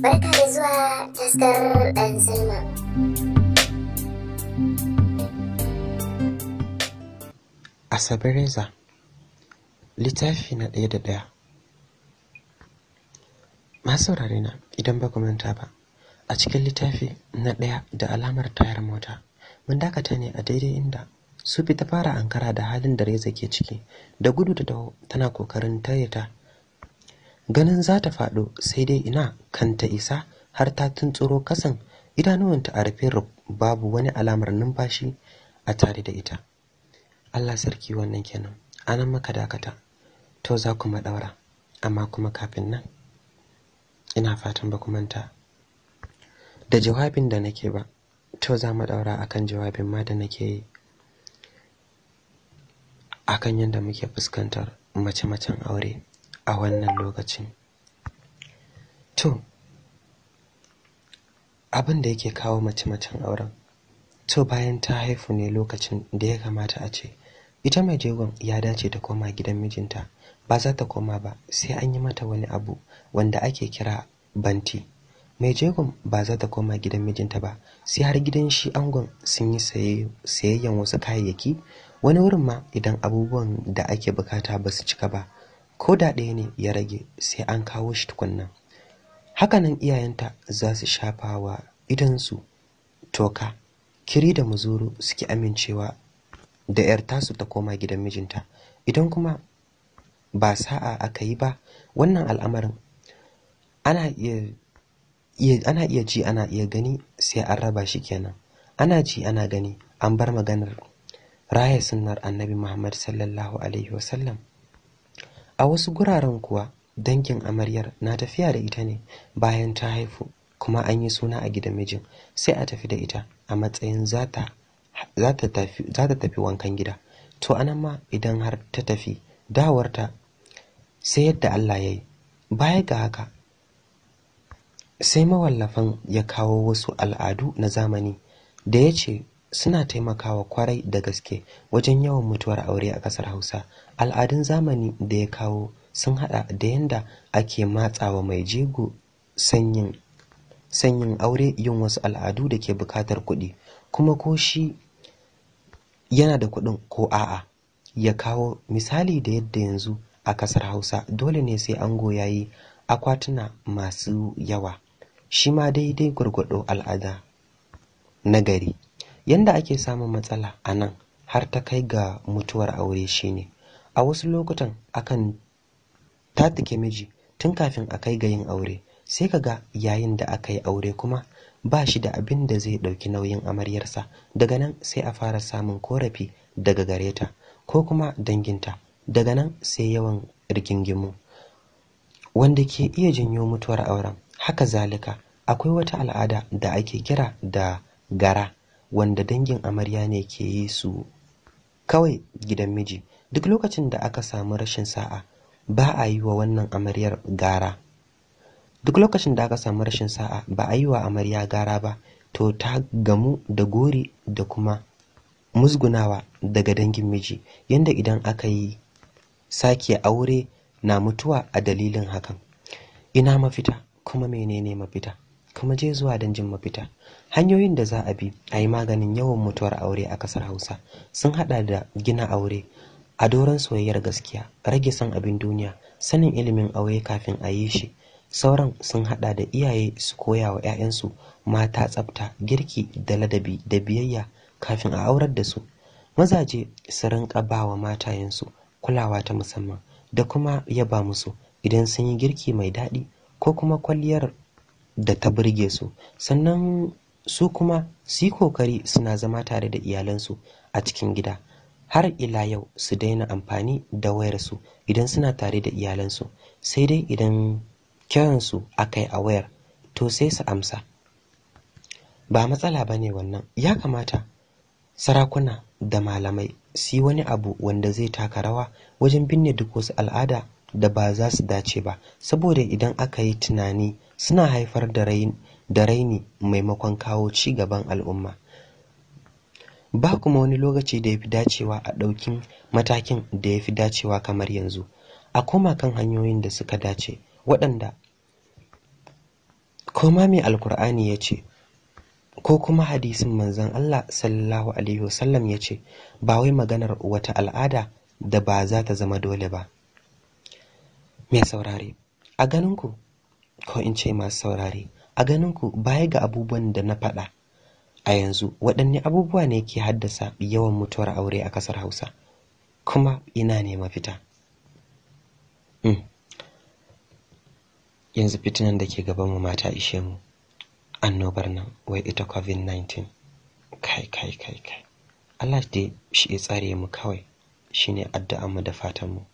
Barka da zuwa taskar ɗan Salma. Littafi na ɗaya da ɗaya Masu na idan ba ku manta ba, a cikin littafi na ɗaya da alamar tayar mota, mun dakata ne a daidai inda Sufi ta fara ankara da halin da Reza ke ciki, da gudu da taho tana kokarin tare ta ganin za ta faɗo sai dai ina kan ta isa har ta tuntsuro kasan idanuwanta a rufe babu wani alamar numfashi a tare da ita Allah sarki wannan kenan anan maka dakata to za ku daura amma kuma kafin nan ina fatan ba ku manta da jawabin da nake ba to za mu daura akan jawabin ma da nake yi akan yadda muke fuskantar mace-macen aure a wannan lokacin to abin da yake kawo mace-macen auren to bayan ta haifu ne lokacin da ya kamata a ce ita mai jegon ya dace ta koma gidan mijinta ba za ta koma ba sai an yi mata wani abu wanda ake kira banti mai jegon ba za ta koma gidan mijinta ba sai har gidan shi angon sun yi sayayyan wasu kayayyaki wani wurin ma idan abubuwan da ake bukata ba su cika ba ko da ɗaya ne ya rage sai an kawo shi tukunna hakanan iyayenta za su shafa wa idansu toka kiri da muzuru suke amincewa da 'yar tasu ta koma gidan mijinta idan kuma ba sa'a aka yi ba wannan al'amarin ana iya ana iya ji ana iya gani sai an raba shi kenan ana ji ana gani an bar maganar raya sunnar annabi muhammad sallallahu alaihi wasallam A wasu guraren kuwa dangin amaryar na tafiya da ita ne bayan ta haifu kuma an yi suna a gidan mijin sai a tafi da ita a matsayin za ta tafi wankan gida. To anan ma idan har ta tafi dawarta sai yadda Allah ya yi. Baya ga haka sai mawallafan ya kawo wasu al'adu na zamani da ya ce suna taimakawa kwarai da gaske wajen yawan mutuwar aure a ƙasar Hausa. Al'adun zamani da ya kawo sun haɗa da yanda ake matsawa mai jego sanyin aure yin wasu al'adu da ke buƙatar kuɗi kuma ko shi yana da kuɗin ko a'a ya kawo misali da yadda yanzu a ƙasar Hausa dole ne sai ango yayi akwatuna masu yawa shi ma daidai gwargwado al'ada na gari yanda ake samun matsala a nan har ta kai ga mutuwar aure shine a wasu lokutan akan tatike miji tun kafin a kai ga yin aure sai ka ga yayin da aka yi aure kuma ba shi da abin da zai ɗauki nauyin amaryarsa daga nan sai a fara samun korafi daga gareta ko kuma danginta daga nan sai yawan rigingimu wanda ke iya janyo mutuwar auren haka zalika akwai wata al'ada da ake kira da gara wanda dangin amarya ne ke yi su kawai gidan miji duk lokacin da aka samu rashin sa'a ba a yi wa wannan amaryar gara duk lokacin da aka samu rashin sa'a ba a yi wa amarya gara ba to ta gamu da gori da kuma musgunawa daga dangin miji yanda idan aka yi sake aure na mutuwa a dalilin hakan ina mafita kuma menene mafita kuma je zuwa danjin mafita Hanyoyin da za a bi a yi maganin yawan mutuwar aure a ƙasar Hausa sun haɗa da gina aure a doron soyayyar gaskiya, rage son abin duniya, sanin ilimin aure kafin a yi shi. Sauran sun haɗa da iyaye su koya wa 'ya'yansu mata tsafta, girki da ladabi da biyayya kafin a aurar da su. Mazaje su rinƙa ba wa matayensu kulawa ta musamman da kuma yaba musu idan sun yi girki mai daɗi ko kuma kwalliyar da ta burge su. Sannan su kuma su yi kokari suna zama tare da iyalansu a cikin gida har ila yau su daina amfani da wayarsu idan suna tare da iyalansu sai dai idan kiransu aka yi a wayar to sai su amsa ba matsala ba ne wannan ya kamata sarakuna da malamai su yi wani abu wanda zai taka rawa wajen binne duk wasu al'ada da ba za su dace ba saboda idan aka yi tunani suna haifar da rayin da raini maimakon kawo ci gaban al'umma ba kuma wani lokaci da ya fi dacewa a ɗaukin matakin da ya fi dacewa kamar yanzu a koma kan hanyoyin da suka dace waɗanda koma mai alkur'ani ya ce ko kuma hadisin manzan Allah sallallahu alaihi wasallam ya ce ba wai maganar wata al'ada da ba za ta zama dole ba mai saurare a ganinku ko in ce masu saurare a ganin ku baya ga abubuwan da na faɗa a yanzu waɗanne abubuwa ne ke haddasa yawan mutuwar aure a ƙasar hausa kuma ina ne mafita mm. yanzu fitinan da ke gaban mu mata ishe mu annobar nan wai ita covid-19 kai kai kai kai Allah dai shi ya tsare mu kawai shine addu'an mu da fatanmu.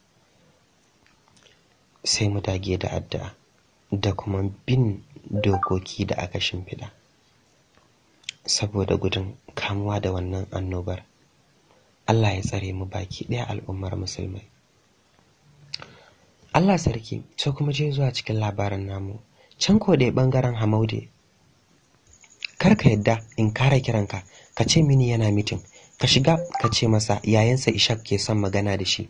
sai mu dage da addu'a da kuma bin dokoki da aka shimfiɗa saboda gudun kamuwa da wannan annobar Allah ya tsare mu baki ɗaya al'ummar musulmai Allah sarki to kuma je zuwa cikin labarin namu can ko dai ɓangaren Hamaude kar ka yadda in kara kiranka ka ce mini yana mitin ka shiga ka ce masa yayansa Ishak ke son magana da shi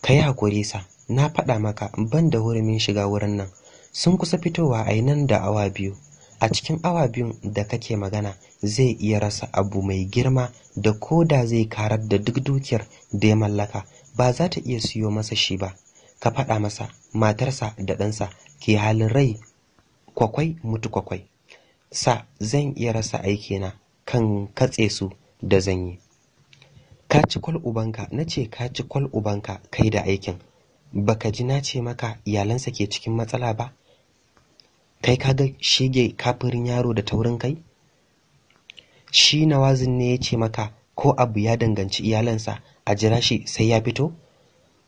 ka yi hakuri sa na faɗa maka ban da hurumin shiga wurin nan sun kusa fitowa a nan da awa biyu a cikin awa biyun da kake magana zai iya rasa abu mai girma da ko da zai karar da duk dukiyar da ya mallaka ba za ta iya siyo masa shi ba ka faɗa masa matarsa da ɗansa ke halin rai kwakwai mutu kwakwai sa zan iya rasa aikina kan katse su da zan yi ka ci kwal ubanka na ce ka ci kwal ubanka kai da aikin baka ji na ce maka iyalansa ke cikin matsala ba kai ka ga shege kafirin yaro da taurin kai shi nawazin ne ya ce maka ko abu ya danganci iyalansa a jira shi sai ya fito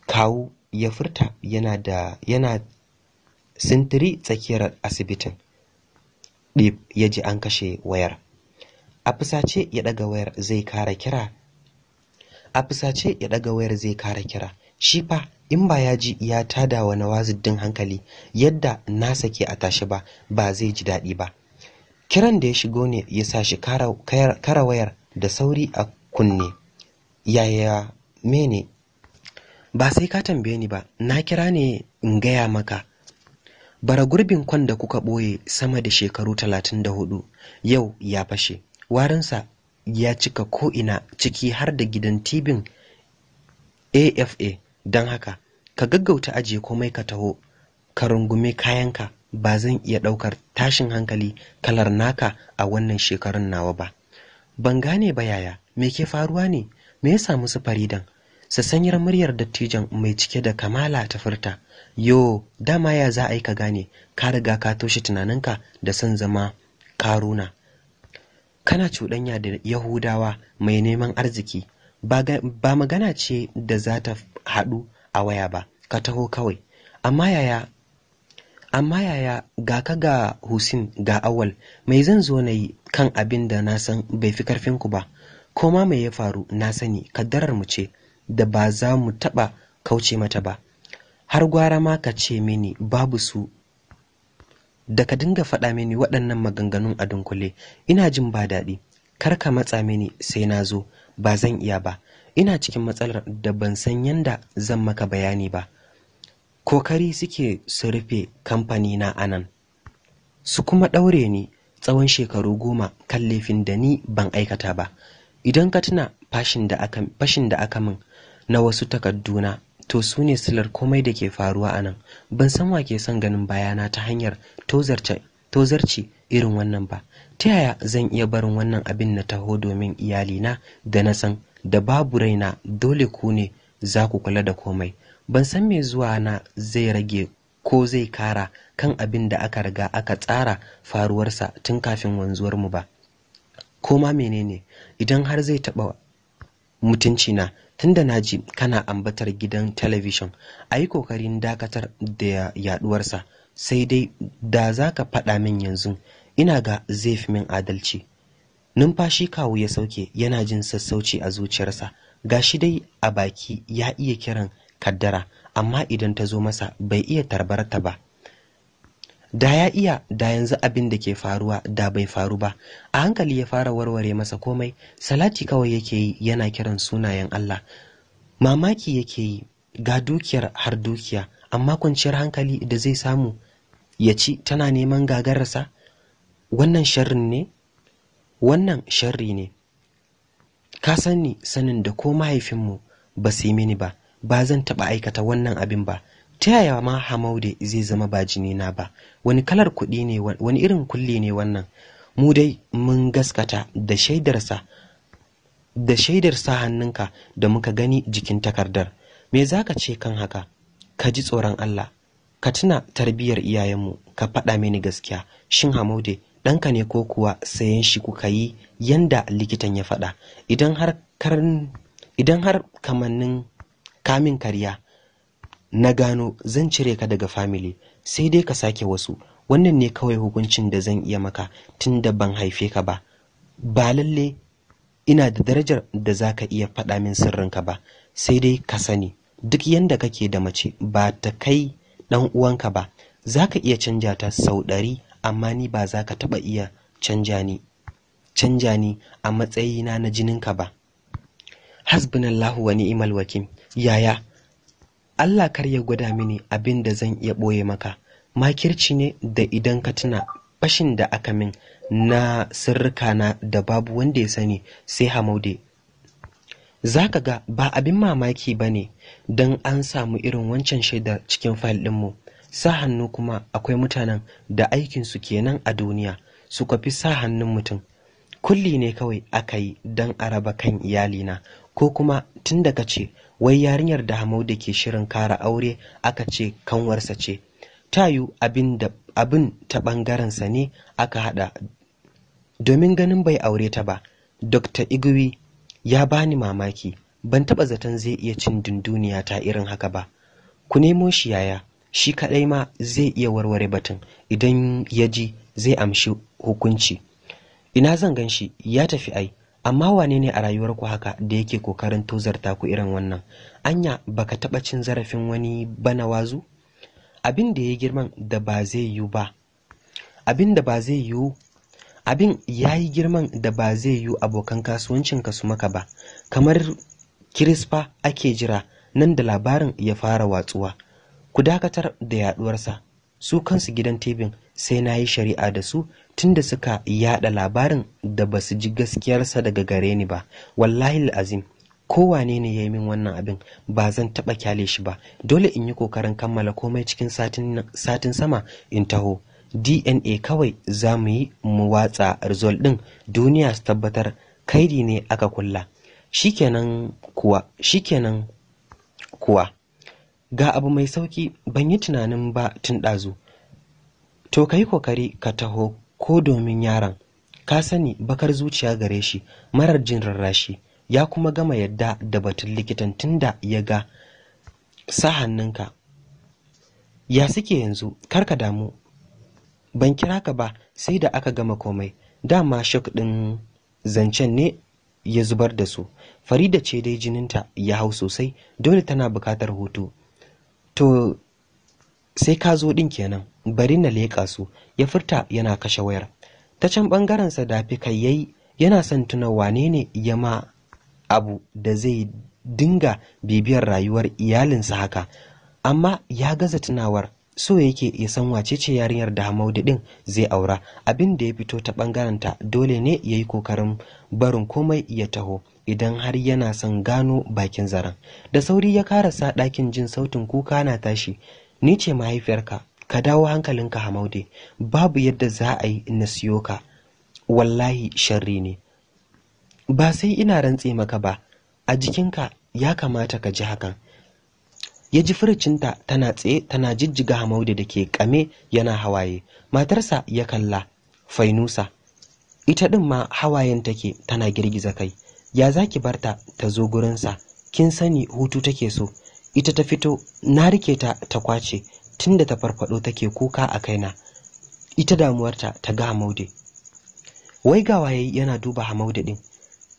kawu ya furta yana da yana sintiri tsakiyar asibitin ɗib ya ji an kashe wayar a fusace ya ɗaga wayar zai kara kira a fusace ya ɗaga wayar zai kara kira shi fa in ba ya ji ya tada wa Nawazid hankali yadda nasa ke a tashi ba ba zai ji daɗi ba kiran da ya shigo ne ya sa shi kara wayar da sauri a kunne yaya mene ba sai ka tambaye ni ba na kira ne in gaya maka bara gurbin kwan da kuka ɓoye sama da shekaru talatin da hudu yau ya fashe warinsa ya cika ko'ina ciki har da gidan tibin afa don haka ka gaggauta ajiye komai ka taho ka rungume kayanka ba zan iya ɗaukar tashin hankali kalar naka a wannan shekarun nawa ba ban gane ba yaya me ke faruwa ne me ya samu su faridan Su sanyar muryar dattijan mai cike da kamala ta furta yo dama ya za a yi ka gane ka riga ka toshe tunaninka da son zama karuna kana cuɗanya da yahudawa mai neman arziki ba magana ce da za ta haɗu a waya ba ka taho kawai amma yaya amma yaya ga ka ga Husin ga Awal mai zan zo na yi kan abin da na san bai fi karfin ba ko ma mai ya faru na sani kaddarar mu ce da ba za mu taɓa kauce mata ba har gwara ma ka ce mini babu su da ka dinga faɗa mini waɗannan maganganun a dunkule ina jin ba daɗi kar ka matsa mini sai na zo ba zan iya ba ina cikin matsalar da ban san yanda zan maka bayani ba kokari suke su rufe kamfani na anan su kuma ɗaure ni tsawon shekaru goma kan laifin da ni ban aikata ba idan ka tuna fashin da aka min na wasu takadduna to su ne silar komai da ke faruwa a nan ban san wa ke son ganin bayana ta hanyar tozarci irin wannan ba ta yaya zan iya barin wannan abin na taho domin iyalina da na san da babu raina dole ku ne za ku kula da komai ban san me zuwa na zai rage ko zai kara kan abin da aka riga aka tsara faruwarsa tun kafin wanzuwar mu ba koma menene idan har zai taɓa mutuncina tunda na ji kana ambatar gidan talabishin a yi kokarin dakatar da yaduwarsa sai dai da za ka faɗa min yanzu ina ga zai fi min adalci numfashi kawu ya sauke yana jin sassauci a zuciyarsa gashi dai a baki ya iya kiran kaddara amma idan ta zo masa bai iya tarbarta ba da ya iya da yanzu abin da ke faruwa da bai faru ba a hankali ya fara warware masa komai salati kawai yake yi yana kiran sunayen Allah mamaki yake yi ga dukiyar har dukiya amma kwanciyar hankali da zai samu ya ci tana neman gagararsa wannan sharrin ne wannan sharri ne ka sani sanin da ko mahaifinmu ba su yi mini ba ba zan taɓa aikata wannan abin ba ta yaya ma hamaude zai zama ba jini na ba wani kalar kuɗi ne wani irin kulli ne wannan mu dai mun gaskata da shaidarsa da shaidar sa hannunka da muka gani jikin takardar me za ka ce kan haka ka ji tsoron Allah ka tuna tarbiyyar iyayenmu ka faɗa mini gaskiya shin hamaude ɗanka ne ko kuwa sayan shi kuka yi yanda likitan ya faɗa idan har kamannin kamin karya na gano zan cire ka daga family sai dai ka sake wasu wannan ne kawai hukuncin da zan iya maka tun da ban haife ka ba ba lalle ina da darajar da za ka iya faɗa min sirrinka ba sai dai ka sani duk yanda kake da mace ba ta kai ɗan uwanka ba za ka iya canja ta sau ɗari amma ni ba za ka taɓa iya canja ni canja ni a matsayina na jinin ka ba hasbunallahu wa ni'mal wakil yaya Allah kar ya gwada mini abin da zan iya ɓoye maka makirci ne da idan ka tuna fashin da aka min na sirrika na da babu wanda ya sani sai hamaude za ka ga ba abin mamaki ba ne don an samu irin wancan shaidar cikin fayil ɗinmu sa hannu kuma akwai mutanen da aikinsu kenan a duniya suka fi sa hannun mutum kulli ne kawai aka yi don a raba kan iyalina ko kuma tun da ka ce wai yarinyar da hamau da ke shirin kara aure aka ce kanwarsa ce Ta tayu abin ta ɓangarensa ne aka haɗa domin ganin bai aure ta ba dr igwi ya bani mamaki ban taɓa zaton zai iya cin dunduniya ta irin haka ba ku nemo shi yaya shi kaɗai ma zai iya warware batun idan ya ji zai amshi hukunci ina zan gan shi ya tafi ai amma wane ne a ku haka da yake kokarin tozarta ku irin wannan anya baka taɓa cin zarafin wani bana wazu abin da ya girman da ba zai yiwu ba abin da ba zai yiwu abin ya yi girman da ba zai yiwu abokan kasuwancin ka su maka ba kamar kirispa ake jira nan da labarin ya fara watsuwa ku dakatar da yaduwarsa su kansu gidan tebin sai na yi shari'a da su tunda suka yada labarin da ba su ji gaskiyarsa daga gare ni ba wallahi azim kowane ne ya yi min wannan abin ba zan taɓa kyale shi ba dole in yi kokarin kammala komai cikin satin sama in taho dna kawai za mu yi mu watsa result din, duniya su tabbatar kaidi ne aka kulla shikenan kuwa shikenan kuwa ga abu mai sauki ban yi tunanin ba tun ɗazu to ka yi kokari ka taho ko domin yaron ka sani bakar zuciya gare shi marar jin rarrashi ya kuma gama yadda da batun likitan tunda ya ga sa hannunka ya suke yanzu kar ka damu ban kira ka ba sai da aka gama komai dama shak ɗin zancen ne ya zubar da su farida ce dai jininta ya hau sosai dole tana bukatar hutu to sai ka zo ɗin kenan bari na leƙa su ya furta yana kashe wayar ta can bangaren sa dafi kai yayi yana son tuna wane ne ya ma abu da zai dinga bibiyar rayuwar iyalinsa haka amma ya gaza tunawar so yake ya san wace ce yarinyar da Hamaudu din zai aura abin da ya fito ta ɓangaren ta dole ne yayi kokarin barin komai ya taho idan har yana son gano bakin zaren da sauri ya karasa ɗakin jin sautin kuka na tashi ni ce mahaifiyarka ka dawo hankalinka hamaude babu yadda za a yi na siyo ka wallahi sharri ne ba sai ina rantse maka ba a jikinka ya kamata ka ji hakan ya ji furcinta tana tsaye tana jijjiga hamaude da ke kame yana hawaye matarsa ya kalla fainusa ita ɗin ma hawayen take tana girgiza kai ya za ki barta ta zo gurinsa kin sani hutu take so ita ta fito na rike ta ta kwace tunda ta farfado take kuka a kaina ita damuwarta ta ga hamaude wai ga waye yana duba hamaude din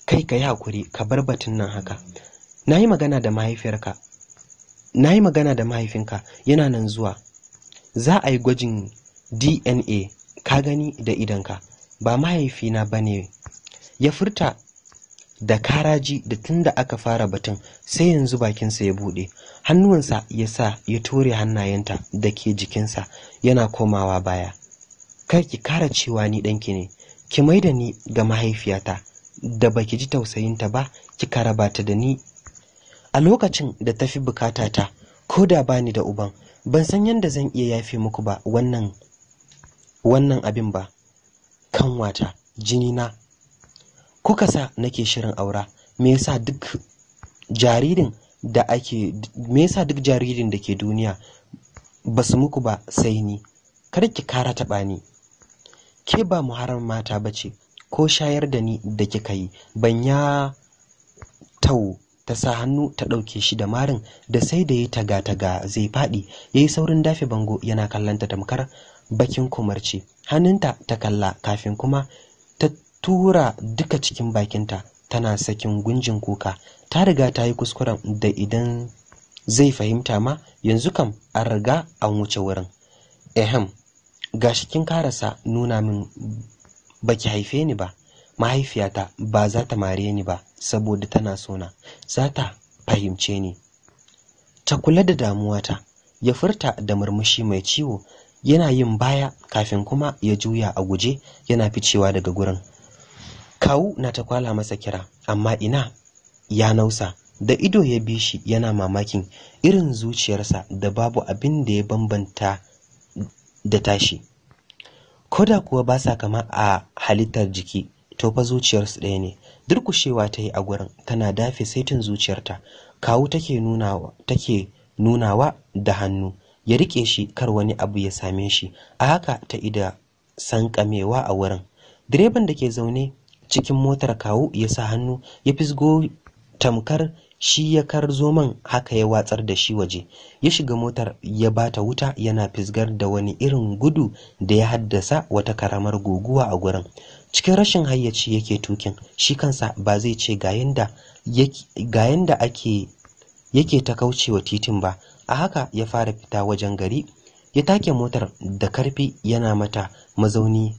kai ka yi hakuri ka bar batun nan haka na yi magana da mahaifiyarka na magana da mahaifinka yana nan zuwa za a yi gwajin dna ka gani da idanka ba mahaifina ba ne ya furta da karaji da tunda aka fara batun sai yanzu bakinsa ya buɗe hannuwansa ya sa ya ture hannayenta da ke jikinsa yana komawa baya kar ki kara cewa ni ɗanki ne ki mai da ni ga mahaifiyata da baki ji tausayinta ba ki karaba ta da ni a lokacin da ta fi bukatata ko da bani da uban ban san yadda zan iya yafe muku ba wannan wannan abin ba kanwata jinina kuka sa nake shirin aura me yasa duk jaririn da ake me yasa duk jaririn da ke duniya ba su muku ba sai ni kar ki kara taɓa ni ke ba muharram mata ba ce ko shayar da ni da kika yi ban ya tau ta sa hannu ta ɗauke shi da marin da sai da ya taga-taga zai faɗi ya yi saurin dafe bango yana kallon ta tamkar bakin kumarci hannunta ta kalla kafin kuma tura duka cikin bakinta tana sakin gunjin kuka ta riga ta yi kuskuren da idan zai fahimta ma yanzu kam an riga an wuce wurin ehem gashi kin karasa nuna min baki haife ni ba mahaifiyata ba za ta mare ni ba saboda tana sona za ta fahimce ni ta kula da damuwata ya furta da murmushi mai ciwo yana yin baya kafin kuma ya juya a guje yana ficewa daga gurin kawu na ta kwala masa kira amma ina ya nausa da ido ya bi shi yana mamakin irin zuciyarsa da babu abin da ya bambanta da tashi koda kuwa ba sa kama a halittar jiki to fa zuciyarsu ɗaya ne durkushewa ta yi a gurin tana dafe saitin zuciyarta kawu take nunawa take nunawa da hannu ya rike shi kar wani abu ya same shi a haka ta ida sankamewa a wurin direban da ke zaune cikin motar kawu ya sa hannu ya fisgo tamkar shi ya kar zoman haka ya watsar da shi waje ya shiga motar ya bata wuta yana fisgar da wani irin gudu da ya haddasa wata karamar guguwa a gurin cikin rashin hayyaci yake tukin shi kansa ba zai ce ga yanda ake yake ta kaucewa titin ba a haka ya fara fita wajen gari ya take motar da karfi yana mata mazauni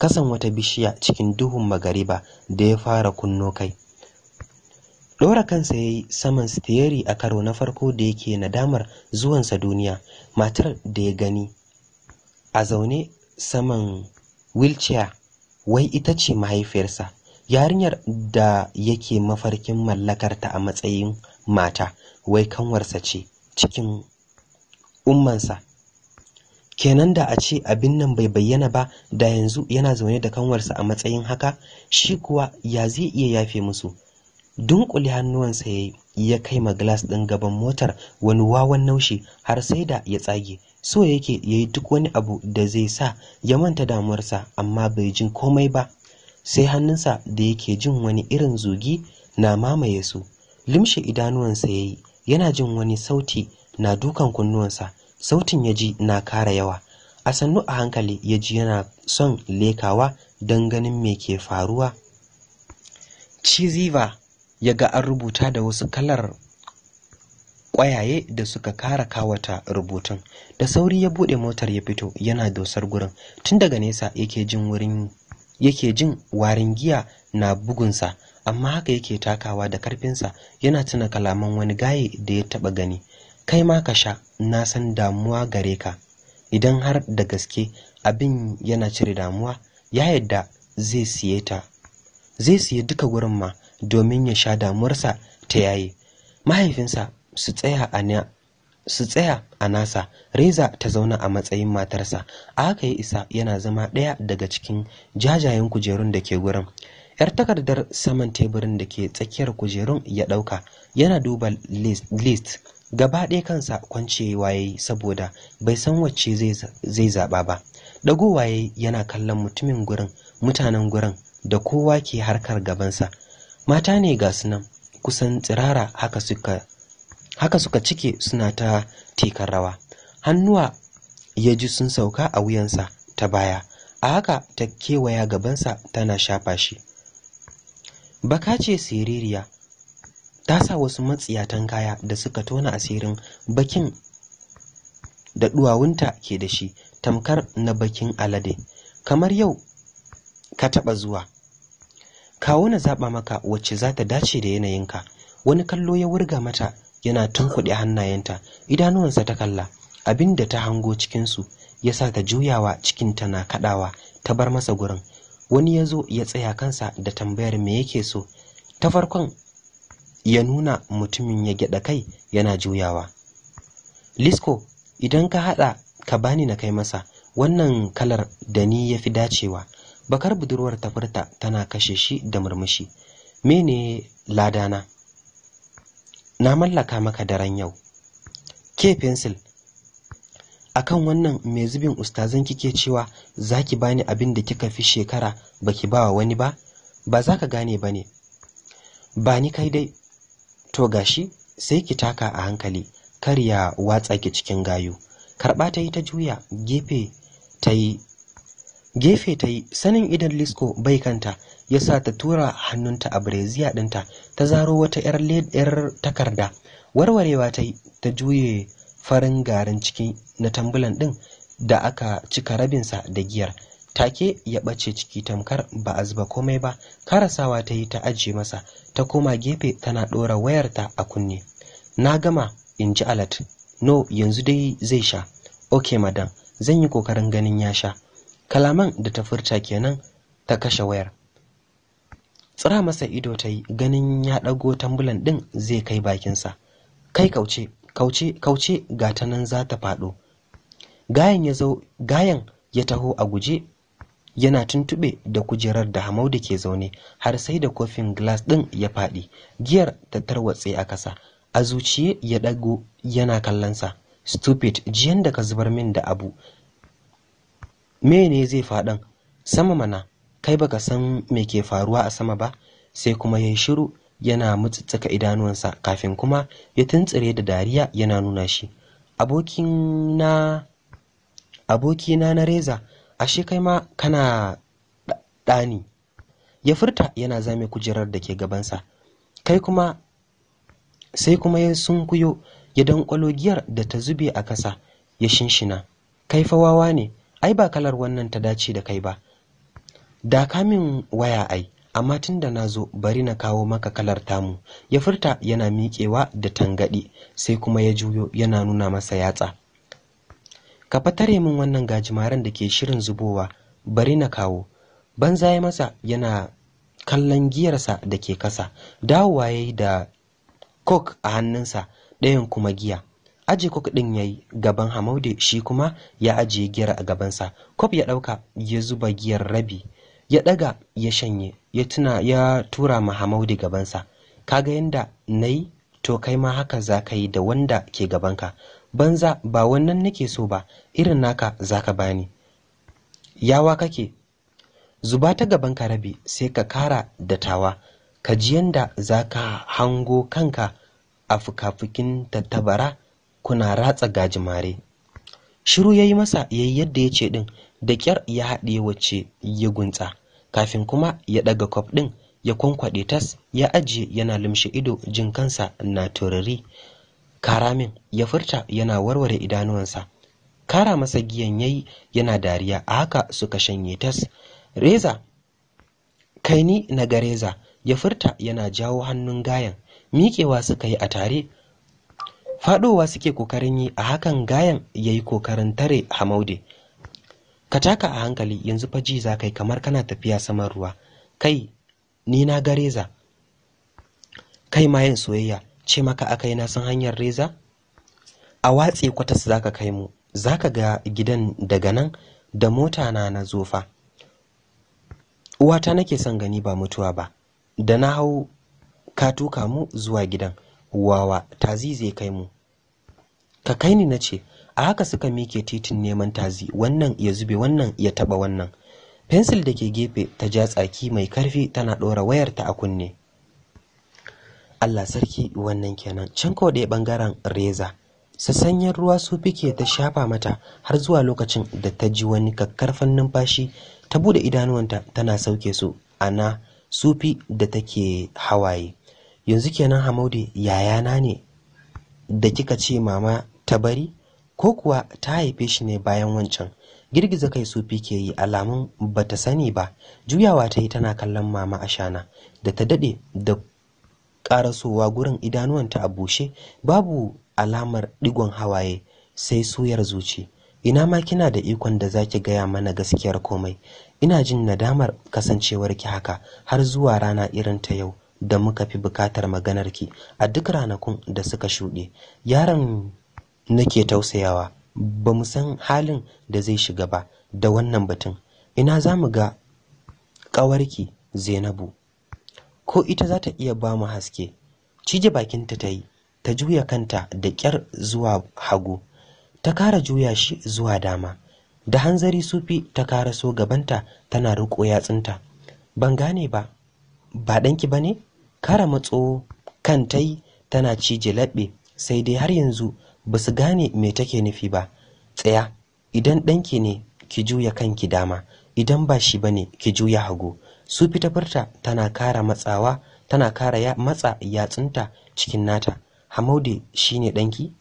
kasan wata bishiya cikin duhun magariba da ya fara kunno kai Ɗora kansa ya yi saman stiyari a karo na farko da yake nadamar zuwansa duniya matar da ya gani a zaune saman wilciya wai ita ce mahaifiyarsa yarinyar da yake mafarkin mallakarta a matsayin mata wai kanwarsa ce cikin ummansa kenan da a ce abin nan bai bayyana ba da yanzu yana zaune da kanwarsa a matsayin haka shi kuwa ya zai iya yafe musu dunkule hannuwansa ya ya kai ma glass ɗin gaban motar wani wawan naushi har sai da ya tsage so yake ya yi duk wani abu da zai sa ya manta damuwarsa amma bai jin komai ba sai hannunsa da yake jin wani irin zugi na mamaye su limshe idanuwansa ya yi yana jin wani sauti na dukan kunnuwansa sautin ya ji na kara yawa a sannu a hankali ya ji yana son lekawa don ganin me ke faruwa ciziva ya ga an rubuta da wasu kalar ƙwayaye da suka kara kawata rubutun da sauri ya buɗe motar ya fito yana dosar gurin tun daga nesa yake jin wurin yake jin warin giya na bugunsa amma haka yake takawa da karfinsa yana tuna kalaman wani gaye da ya taɓa gani kai ma ka sha na san damuwa gare ka idan har da gaske abin yana cire damuwa ya yadda zai siye ta zai siye duka wurin ma domin ya sha damuwarsa ta yaye mahaifinsa su tsaya a su tsaya a nasa reza ta zauna a matsayin matarsa a haka ya isa yana zama ɗaya daga cikin jajayen kujerun da ke gurin yar takardar saman teburin da ke tsakiyar kujerun ya ɗauka yana duba list gaba ɗaya kansa kwance waye saboda bai san wacce zai zaɓa ba ɗago waye yana kallon mutumin gurin mutanen gurin da kowa ke harkar gabansa mata ne ga sunan kusan tsirara haka suka haka suka cike suna ta tekan rawa hannuwa ya ji sun sauka a wuyansa ta baya a haka ta kewaya gabansa tana shafa shi baka ce siririya ta sa wasu matsiyatan kaya da suka tona asirin bakin da duwawunta ke da shi tamkar na bakin alade kamar yau ka taɓa zuwa kawo na zaɓa maka wacce za ta dace da yanayinka wani kallo ya wurga mata yana tunkuɗe hannayenta idanuwansa ta kalla abin da ta hango cikinsu ya sa ta juyawa cikinta na kaɗawa ta bar masa gurin wani ya zo ya tsaya kansa da tambayar me yake so ta farkon ya nuna mutumin ya gyada kai yana juyawa lisko idan ka haɗa ka bani na kai masa wannan kalar da ni ya fi dacewa bakar budurwar ta tana kashe shi da murmushi mene ladana na mallaka maka daren yau ke pencil kan wannan mai zubin ustazan kike cewa za ki bani abin da kika fi shekara baki bawa wani ba ba za ka gane ba ne ba ni kai dai to gashi sai ki taka a hankali kar ya watsa ki cikin gayu karɓa ta yi ta juya gefe ta yi gefe ta yi sanin idan lisko bai kanta ya sa ta tura hannunta a bireziya ɗinta ta zaro wata 'yar takarda warwarewa ta yi ta juye farin garin ciki na tambulan ɗin da aka cika rabinsa da giyar take ya ɓace ciki tamkar ba a zuba komai ba karasawa ta yi ta ajiye masa ta koma gefe tana ɗora wayarta a kunne na gama in ji alat no yanzu dai zai sha ok madam zan yi ƙoƙarin ganin ya sha kalaman da ta furta kenan ta kashe wayar tsira masa ido ta yi ganin ya ɗago tambulan ɗin zai kai bakinsa kai kauce kauce kauce ga ta nan za ta faɗo gayan ya zo gayan ya taho a guje yana tuntuɓe da kujerar da hamau da ke zaune har sai da kofin glass ɗin ya faɗi giyar ta tarwatse a ƙasa a zuciye ya ɗago yana kallonsa stupid jiyan da ka zubar min da abu mene zai faɗan sama mana kai baka san me ke faruwa a sama ba sai kuma ya shiru yana mutsutsuka idanuwansa kafin kuma ya tuntsire da dariya yana nuna shi abokina abokina na reza ashe kai ma kana ɗani ya furta yana zame kujerar da ke gabansa kai kuma sai kuma ya sunkuyo ya dankwalo giyar da ta zube a ƙasa, ya shinshina kai fa wawa ne ai ba kalar wannan ta dace da kai ba da kamin waya ai amma tun da na zo bari na kawo maka kalar tamu ya furta yana miƙewa da tangaɗi sai kuma ya juyo yana nuna masa yatsa ka fa min wannan gajimaren da ke shirin zubowa bari na kawo banza ya masa yana kallon giyarsa da ke kasa dawowa ya yi da kok a hannunsa ɗayan kuma giya aje kok ɗin ya yi gaban hamaude shi kuma ya ajiye giyar a gabansa kok ya ɗauka ya zuba giyar rabi ya ɗaga ya shanye ya tuna ya tura ma hamaude gabansa kaga yadda na yi to kai ma haka za ka yi da wanda ke gabanka banza ba wannan nake so ba irin naka zaka bani yawa kake zuba ta gaban ka rabe sai ka kara da tawa ka ji yanda zaka hango kanka a fukafukin tattabara kuna ratsa gajimare shiru yayi masa yayi yadda ya ce din da kyar ya haɗe wacce ya guntsa kafin kuma ya ɗaga kwaf ɗin ya kwankwaɗe tas ya ajiye yana limshe ido jin kansa na turari. kara min ya furta yana warware idanuwansa kara masa giyan yayi yana dariya a haka suka shanye tas reza kai ni na ga reza ya furta yana jawo hannun gayan miƙewa suka yi a tare faɗowa suke kokarin yi a hakan gayan ya yi kokarin tare hamaude ka taka a hankali yanzu fa ji za kai kamar kana tafiya saman ruwa kai ni na ga reza kai ma yin soyayya ce maka aka yi nasan hanyar reza a watse kwatas za ka kai mu za ka ga gidan daga nan da mota na na zofa uwata nake son gani ba mutuwa ba da na hau ka tuka mu zuwa gidan wawa tazi zai kai mu ka kai ni na ce a haka suka mike titin neman tazi wannan ya zube wannan ya taba wannan fensil da ke gefe ta ja tsaki mai karfi tana ɗora wayarta a kunne Allah sarki wannan kenan can ko ɗaya bangaren reza sassanyen ruwa su fike ta shafa mata har zuwa lokacin da ta ji wani kakkarfan numfashi ta bude idanuwanta tana sauke su ana sufi da take hawaye yanzu kenan hamaudi yayana ne da kika ce mama ta bari ko kuwa ta haife shi ne bayan wancan girgiza kai sufi ke yi alamun bata sani ba juyawa ta yi tana kallon mama ashana da ta dade da karasowa gurin idanuwanta a bushe babu alamar digon hawaye sai suyar zuci ina ma kina da ikon da zaki gaya mana gaskiyar komai ina jin nadamar kasancewarki haka har zuwa rana irin ta yau da muka fi bukatar maganarki a duk ranakun da suka shuɗe yaron nake tausayawa ba mu san halin da zai shiga ba da wannan batun ina za mu ga ƙawarki zainabu ko ita za ta iya ba mu haske cije bakinta ta yi ta juya kanta da ƙyar zuwa hagu ta kara juya shi zuwa dama da hanzari sufi ta kara so gabanta tana riƙo yatsunta ban gane ba ba ɗanki ba ne kara matso kan ta yi tana cije laɓe sai dai har yanzu ba su gane me take nufi ba tsaya idan ɗanki ne ki juya kanki dama idan ba shi ba ne ki juya hagu su fitafarta tana kara matsawa tana kara ya, matsa yatsunta cikin nata hamaude shine ɗanki?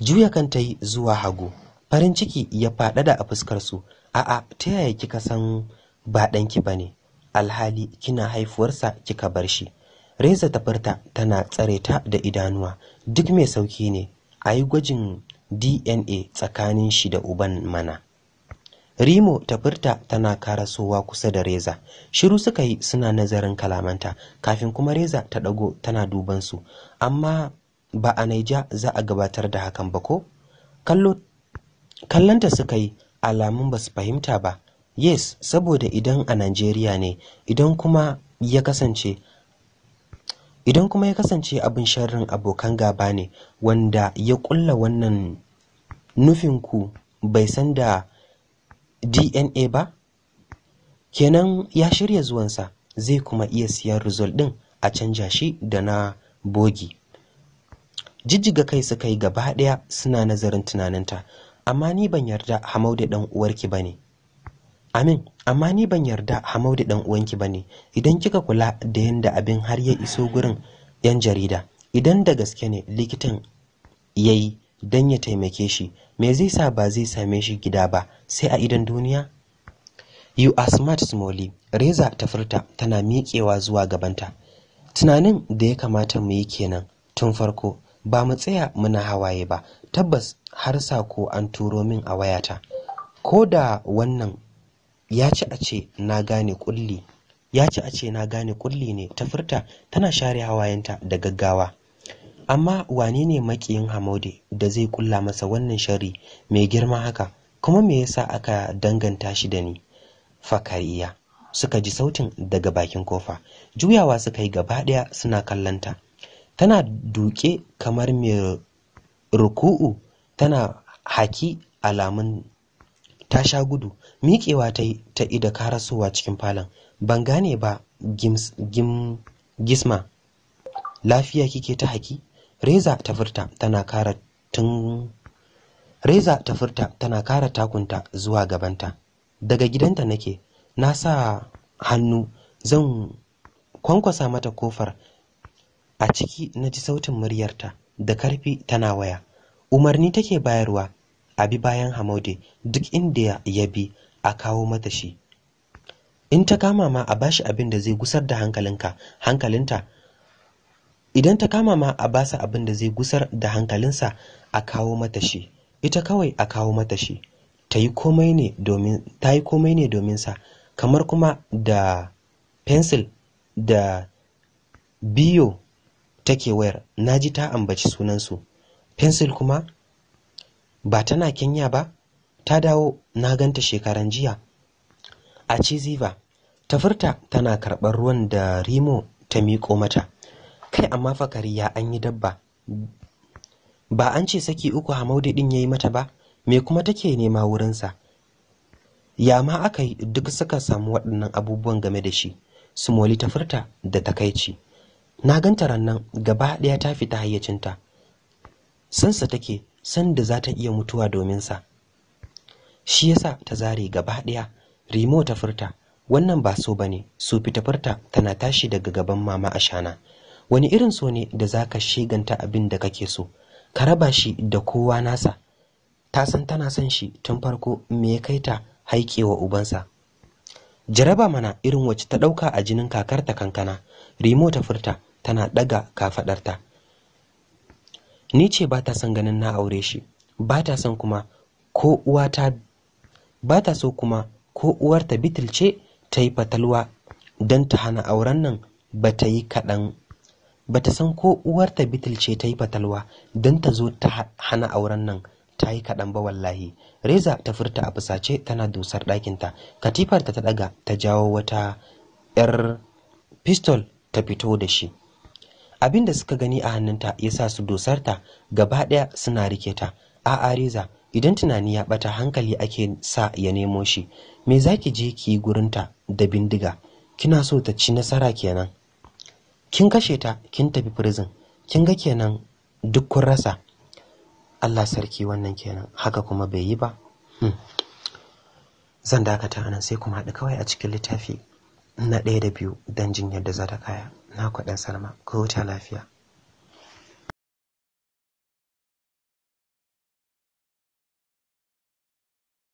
juya kan ta yi zuwa hagu farin ciki ya faɗaɗa a fuskarsu. a'a ta yaya kika san ba ɗanki ba ne? alhali kina haifuwarsa kika bar shi reza tafarta tana tsare ta da idanuwa duk mai sauki ne a yi gwajin dna tsakanin shi da uban mana Rimo ta furta tana karasowa kusa da Reza. Shiru suka yi suna nazarin kalamanta kafin kuma Reza ta ɗago tana duban su. Amma ba a Naija za a gabatar da hakan ba ko? Kallonta kallanta suka yi alamun ba su fahimta ba. Yes, saboda idan a Najeriya ne, idan kuma ya kasance idan kuma ya kasance abin sharrin abokan gaba ne wanda ya ƙulla wannan nufinku bai san da DNA ba? Kenan ya shirya zuwansa zai kuma iya siyan result ɗin a canja shi da na bogi. Jijjiga kai suka yi gaba ɗaya suna nazarin tunaninta, amma ni ban yarda da ɗan uwarki ba ne. Amin, amma ni ban yarda da ɗan uwanki ba ne, idan kika kula da yadda abin har ya iso gurin 'yan jarida, idan da gaske ne likitan ya yi don ya taimake shi me zai sa ba zai same shi gida ba sai a idan duniya you are smart smalley reza ta furta tana miƙewa zuwa gabanta tunanin da ya kamata mu yi kenan tun farko ba mu tsaya muna hawaye ba tabbas har sako an turo min a wayata ko da wannan ya ci a ce na gane kulli ya ci a ce na gane kulli ne ta furta tana share hawayenta da gaggawa amma wane ne makiyin Hamode da zai kulla masa wannan shari mai girma haka kuma me yasa aka danganta shi da ni fakariya suka ji sautin daga bakin kofa juyawa suka yi gaba daya suna kallanta tana duke kamar mai ruku'u tana haki alamun ta sha gudu miƙewa ta yi ta ida karasowa cikin falon ban gane ba gisma lafiya kike ta haki reza ta furta tana kara takunta zuwa gabanta daga gidanta nake na sa hannu zan kwankwasa mata kofar a ciki na ji sautin muryarta da karfi tana waya umarni take bayarwa a bi bayan hamaude duk inda ya bi a kawo mata shi in ta kama ma a bashi abin da zai gusar da hankalinka hankalinta idan ta kama ma a basa abin da zai gusar da hankalinsa a kawo mata shi ita kawai a kawo mata shi ta yi komai ne domin sa kamar kuma da pencil da biyo take wayar naji ta ambaci sunansu pencil kuma ba tana kenya ba ta dawo na ganta shekaran jiya a ciziva ta furta tana karɓar ruwan da rimo ta miƙo mata Kai amma fa kariya an yi dabba. Ba an ce saki uku hamaudi ɗin ya yi mata ba, me kuma take nema wurinsa? Ya ma aka yi duk suka samu waɗannan abubuwan game da shi, su moli ta furta da takaici. Na ganta rannan gaba ɗaya ta fita hayyacinta. Sansa take da za ta iya mutuwa domin sa. Shi yasa ta zare gaba ɗaya, Rimo ta furta, wannan ba so bane, su fita furta tana tashi daga gaban mama Ashana. wani irin so ne da za ka shiganta abin da kake so ka raba shi da kowa nasa ta san tana son shi tun farko me ya kai ta haikewa ubansa jaraba mana irin wacce ta ɗauka a jinin kakarta kankana rimo ta furta tana ɗaga kafaɗarta ni ce ba ta son ganin na aure shi ba ta son kuma ko ta ba ta so kuma ko uwarta bitil ce ta yi fatalwa don ta hana auren nan ba ta yi kaɗan bata san ko uwarta bitil ce ta yi fatalwa don ta zo ta hana auren nan ta yi kaɗan ba wallahi reza ta furta a fusace tana dusar ɗakinta katifarta ta ɗaga ta jawo wata 'yar pistol ta fito da shi abin da suka gani a hannunta ya sa su dusar ta, gaba ɗaya suna rike ta a'a reza idan tunani ya ɓata hankali ake sa ya nemo shi me za ki je ki yi gurinta da bindiga kina so ta ci nasara kenan kin kashe ta kin tafi prison kin ga kenan duk kun rasa Allah sarki wannan kenan haka kuma bai yi ba hmm. zan dakata nan sai kuma haɗu kawai a cikin littafi na ɗaya da biyu don jin yadda za ta kaya na kwaɗan salma ko wuta lafiya